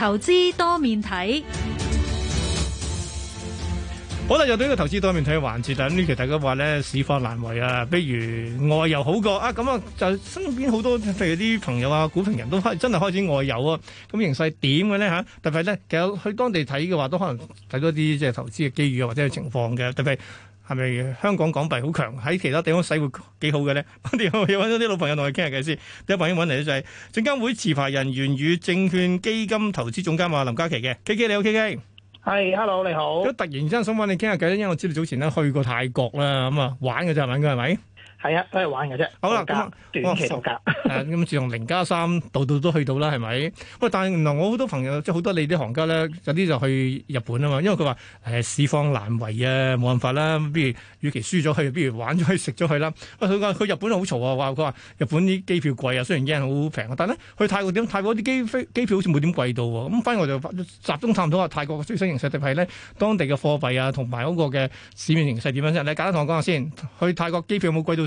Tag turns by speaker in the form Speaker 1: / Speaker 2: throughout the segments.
Speaker 1: 投
Speaker 2: 資多面睇，好啦，又到呢個投資多面睇嘅環節啦。咁呢期大家話咧市況難為啊，比如外遊好過啊，咁啊就身邊好多譬如啲朋友啊、股評人都開真係開始外遊啊。咁形勢點嘅咧嚇？特別咧，其實去當地睇嘅話，都可能睇多啲即係投資嘅機遇啊，或者係情況嘅，特別。係咪香港港幣好強？喺其他地方使會幾好嘅咧？ 我哋要揾咗啲老朋友同我哋傾下偈先。第一朋友揾嚟咧就係證監會持牌人員元宇證券基金投資總監嘛林嘉麒嘅 K K 你好 K K 係 Hello 你好。如果突然之間想揾你傾下偈，因為我知道你早前咧去過泰國啦，咁啊玩嘅就係咁嘅係咪？是不是係啊，都係玩嘅啫。好啦，咁短期價，咁、哦、 自從零加三，3, 度度都去到啦，係咪？喂，但係原來我好多朋友，即係好多你啲行家咧，有啲就去日本啊嘛，因為佢話誒市況難為啊，冇辦法啦。不如，與其輸咗去，不如玩咗去，食咗去啦。佢、啊、話去日本好嘈啊，話佢話日本啲機票貴啊，雖然 yen 好平啊，但係呢，去泰國點？泰國啲機飛機票好似冇點貴到喎、啊。咁反而我就集中探討下泰國嘅最新形勢呢，特別係咧當地嘅貨幣啊，同埋嗰個嘅市面形勢點樣先、啊？你簡單同我講下先。去泰國機票有冇貴到？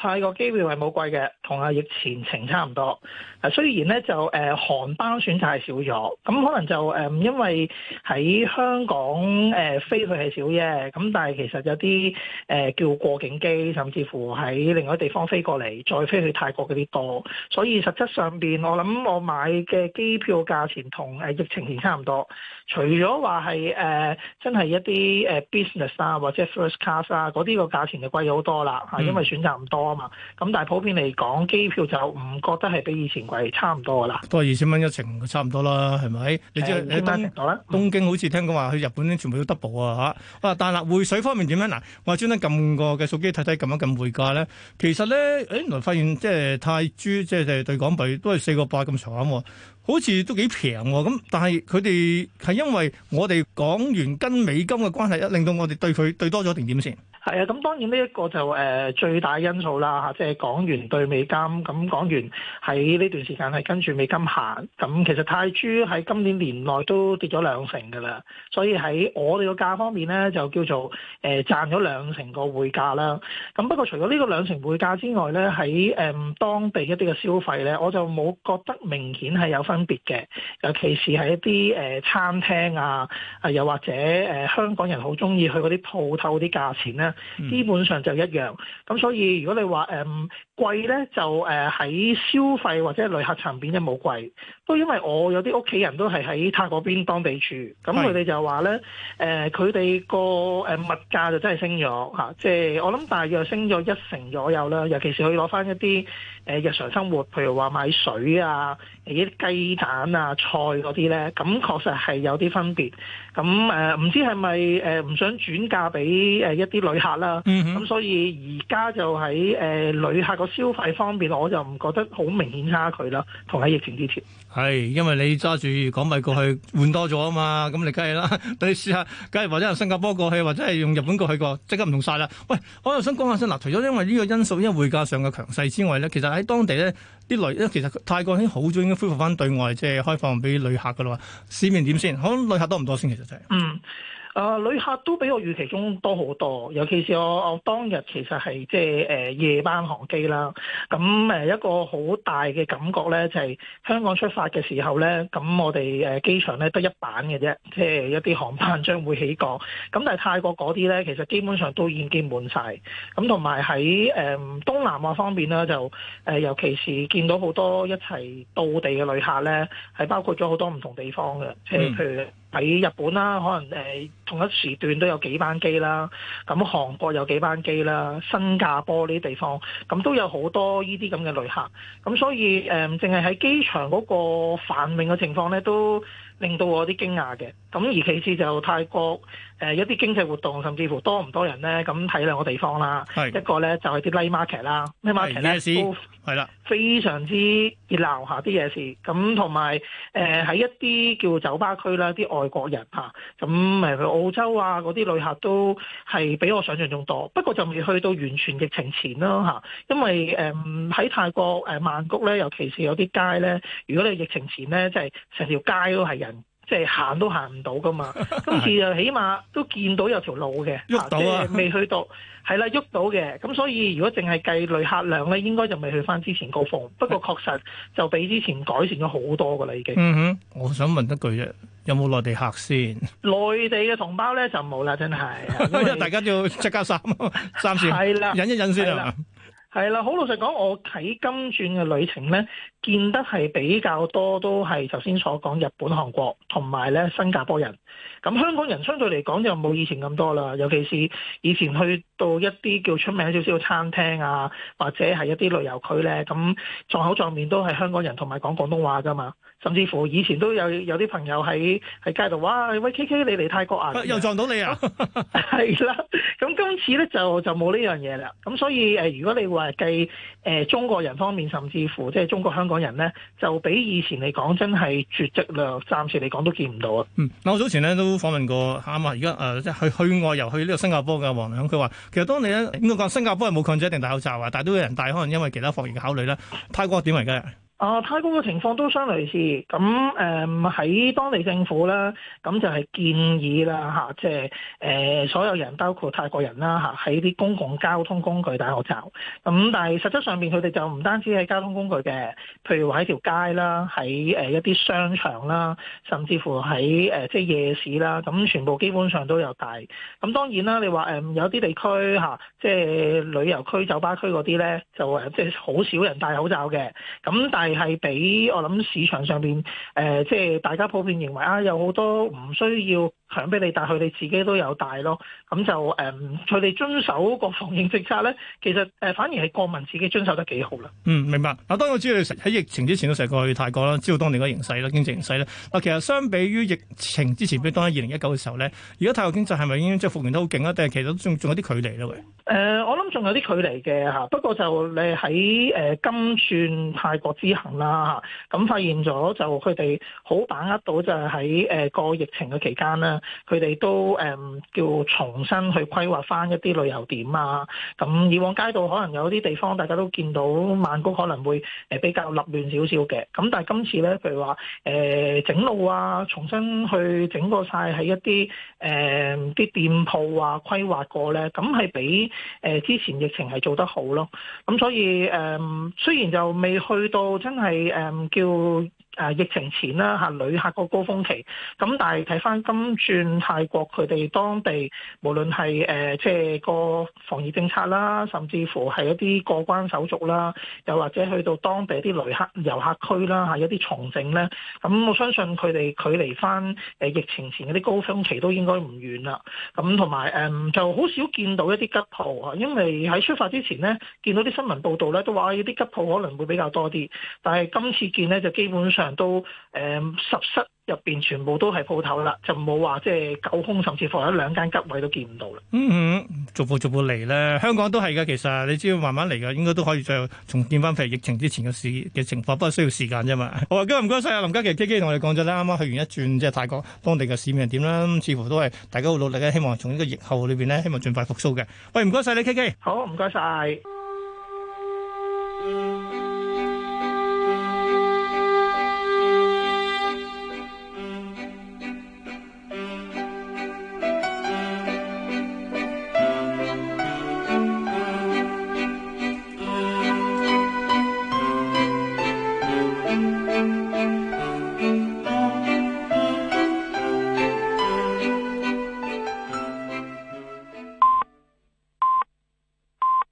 Speaker 1: 泰國機票係冇貴嘅，同阿疫情前差唔多。啊，雖然咧就誒航、呃、班選擇係少咗，咁可能就誒、呃、因為喺香港誒、呃、飛去係少啫。咁但係其實有啲誒、呃、叫過境機，甚至乎喺另外一地方飛過嚟再飛去泰國嗰啲多，所以實質上邊我諗我買嘅機票價錢同誒疫情前差唔多。除咗話係誒真係一啲誒 business 啊或者 first class 啊嗰啲個價錢就貴咗好多啦，嚇、嗯，因為選擇唔多。咁但係普遍嚟講，機票
Speaker 2: 就唔覺得係比以前貴，差唔多噶啦。都係二千蚊一程，差唔多啦，係咪？的你知你東京好似聽講話、嗯、去日本呢，全部都 double 啊哇，但係匯水方面點樣嗱、啊？我專登撳個嘅手機睇睇，撳一撳匯價咧，其實咧，誒、哎、原來發現即係泰銖，即係對港幣都係四個八咁長，好似都幾平咁。但係佢哋係因為我哋港元跟美金嘅關係，令到我哋對佢對多咗定點先？
Speaker 1: 係啊，咁當然呢一個就誒最大因素啦嚇，即係港元對美金，咁港元喺呢段時間係跟住美金行，咁其實泰銖喺今年年內都跌咗兩成㗎啦，所以喺我哋個價方面咧就叫做誒賺咗兩成個匯價啦。咁不過除咗呢個兩成匯價之外咧，喺誒當地一啲嘅消費咧，我就冇覺得明顯係有分別嘅，尤其是喺一啲誒餐廳啊，啊又或者誒香港人好中意去嗰啲鋪頭啲價錢咧。嗯、基本上就一樣，咁所以如果你話誒、嗯、貴呢，就誒喺、呃、消費或者旅客層面就冇貴，都因為我有啲屋企人都係喺泰國嗰邊當地住，咁佢哋就話呢，誒佢哋個誒物價就真係升咗嚇，即、啊、係我諗大約升咗一成左右啦，尤其是佢攞翻一啲誒、呃、日常生活，譬如話買水啊，啲雞蛋啊、菜嗰啲呢，咁確實係有啲分別，咁誒唔知係咪誒唔想轉嫁俾誒一啲女客啦，咁、嗯、所以而家就喺誒旅客個消費方面，我就唔覺得好明顯差距啦，同喺疫情之前。
Speaker 2: 係因為你揸住港幣過去換多咗啊嘛，咁你梗係啦。你試下，梗係或者由新加坡過去，或者係用日本過去過，即刻唔同晒啦。喂，我又想講下先嗱，除咗因為呢個因素，因為匯價上嘅強勢之外咧，其實喺當地咧啲旅咧，其實泰國已經好早已經恢復翻對外即係、就是、開放俾旅客噶啦嘛。市面點先？可能旅客多唔多先？其實就係嗯。
Speaker 1: 啊、呃！旅客都比我預期中多好多，尤其是我我當日其實係即係夜班航機啦。咁、呃、一個好大嘅感覺咧，就係、是、香港出發嘅時候咧，咁我哋誒機場咧得一班嘅啫，即係一啲航班將會起降。咁但係泰國嗰啲咧，其實基本上都已經滿晒。咁同埋喺誒東南亞方面咧，就、呃、尤其是見到好多一齊到地嘅旅客咧，係包括咗好多唔同地方嘅，即係譬如。嗯比日本啦，可能誒、呃、同一時段都有幾班機啦，咁韓國有幾班機啦，新加坡呢啲地方，咁都有好多呢啲咁嘅旅客，咁所以誒，淨係喺機場嗰個繁榮嘅情況咧，都，令到我有啲驚訝嘅，咁而其次就泰國誒、呃、一啲經濟活動，甚至乎多唔多人咧？咁睇兩個地方啦，的一個咧就係啲 night market 啦，咩 market 咧都係啦，非常之熱鬧下啲夜市。咁同埋誒喺一啲叫酒吧區啦，啲外國人嚇，咁、啊、去澳洲啊嗰啲旅客都係比我想象中多，不過就未去到完全疫情前啦、啊、因為誒喺、呃、泰國、呃、曼谷咧，尤其是有啲街咧，如果你疫情前咧，即係成條街都係人。即係行都行唔到噶嘛， 今次就起碼都見到有條路嘅，到係了、啊、未去到係 啦，喐到嘅。咁所以如果淨係計旅客量咧，應該就未去翻之前高峰。 不過確實就比之前改善咗好多噶啦，已經。嗯哼，
Speaker 2: 我想問一句啫，有冇內地客先？
Speaker 1: 內地嘅同胞咧就冇啦，真係。 因
Speaker 2: 為 大家要即刻三三線。係 啦，忍一忍先，
Speaker 1: 係啦，好吧老實講，我睇今轉嘅旅程咧。見得係比較多，都係頭先所講日本、韓國同埋咧新加坡人。咁香港人相對嚟講就冇以前咁多啦。尤其是以前去到一啲叫出名少少嘅餐廳啊，或者係一啲旅遊區咧，咁撞口撞面都係香港人同埋講廣東話㗎嘛。甚至乎以前都有有啲朋友喺喺街度，哇！喂 K K，你嚟泰國啊？
Speaker 2: 又撞到你啊？係
Speaker 1: 啦。 咁今次咧就就冇呢樣嘢啦。咁所以、呃、如果你話計、呃、中國人方面，甚至乎即係中國香，港人咧就比以前嚟講真係絕迹量，暫時嚟講都見唔到啊。
Speaker 2: 嗯，嗱我早前咧都訪問過啱啊，而家即係去外遊去呢個新加坡嘅王亮，佢話其實當你咧應該講新加坡係冇強制一定戴口罩啊，但係都有人戴，可能因為其他防疫考慮啦。泰國點嚟㗎？
Speaker 1: 啊，泰國嘅情況都相類似，咁誒喺當地政府呢，咁就係建議啦嚇，即係誒所有人包括泰國人啦嚇，喺啲公共交通工具戴口罩。咁但係實質上面，佢哋就唔單止喺交通工具嘅，譬如話喺條街啦，喺一啲商場啦，甚至乎喺即係夜市啦，咁、啊、全部基本上都有戴。咁當然啦，你話、嗯、有啲地區嚇，即係、啊就係、旅遊區、酒吧區嗰啲咧，就即係好少人戴口罩嘅。咁但係係係俾我諗市場上邊，誒、呃，即係大家普遍認為啊，有好多唔需要。響俾你，但佢哋自己都有帶咯，咁就誒，佢、嗯、哋遵守個防疫政策咧，其實、呃、反而係國民自己遵守得幾好啦。嗯，
Speaker 2: 明白。嗱，當我知道你喺疫情之前都成日過去泰國啦，知道當年嘅形勢啦，經濟形勢啦嗱，其實相比於疫情之前，比當當喺二零一九嘅時候咧，而家泰國經濟係咪已經即係復原得好勁啊？定係其實都仲仲有啲距離咧？會、
Speaker 1: 呃、我諗仲有啲距離嘅。不過就你喺金算泰國之行啦，咁發現咗就佢哋好把握到就，就係喺個疫情嘅期間啦佢哋都誒、嗯、叫重新去規劃翻一啲旅遊點啊，咁以往街道可能有啲地方大家都見到曼谷可能會比較立亂少少嘅，咁但係今次呢，譬如話誒、呃、整路啊，重新去整過晒喺一啲誒啲店鋪啊，規劃過呢，咁係比、呃、之前疫情係做得好咯，咁所以誒、呃、雖然就未去到真係誒、呃、叫。誒疫情前啦吓旅客個高峰期，咁但係睇翻今轉泰國佢哋當地，無論係誒即係個防疫政策啦，甚至乎係一啲過關手續啦，又或者去到當地啲旅客遊客區啦吓、啊、一啲重整咧，咁我相信佢哋距離翻誒疫情前嗰啲高峰期都應該唔遠啦。咁同埋誒就好少見到一啲吉舖啊，因為喺出發之前咧，見到啲新聞報道咧都話呢啲吉舖可能會比較多啲，但係今次見咧就基本上。成都誒十、嗯、室，室入邊全部都係鋪頭啦，就冇話即係九空，甚至乎有兩間吉位都見唔到啦。
Speaker 2: 嗯嗯，逐步逐步嚟咧，香港都係噶，其實你只要慢慢嚟噶，應該都可以再重建翻譬如疫情之前嘅事嘅情況，不過需要時間啫嘛。好、哦、啊，今日唔該晒啊，林嘉麒 K K 同我哋講咗啦，啱啱去完一轉即係泰國當地嘅市面係點啦，似乎都係大家好努力嘅，希望從呢個疫後裏邊咧，希望盡快復甦嘅。喂，唔該晒你 K K，好唔該晒。謝謝。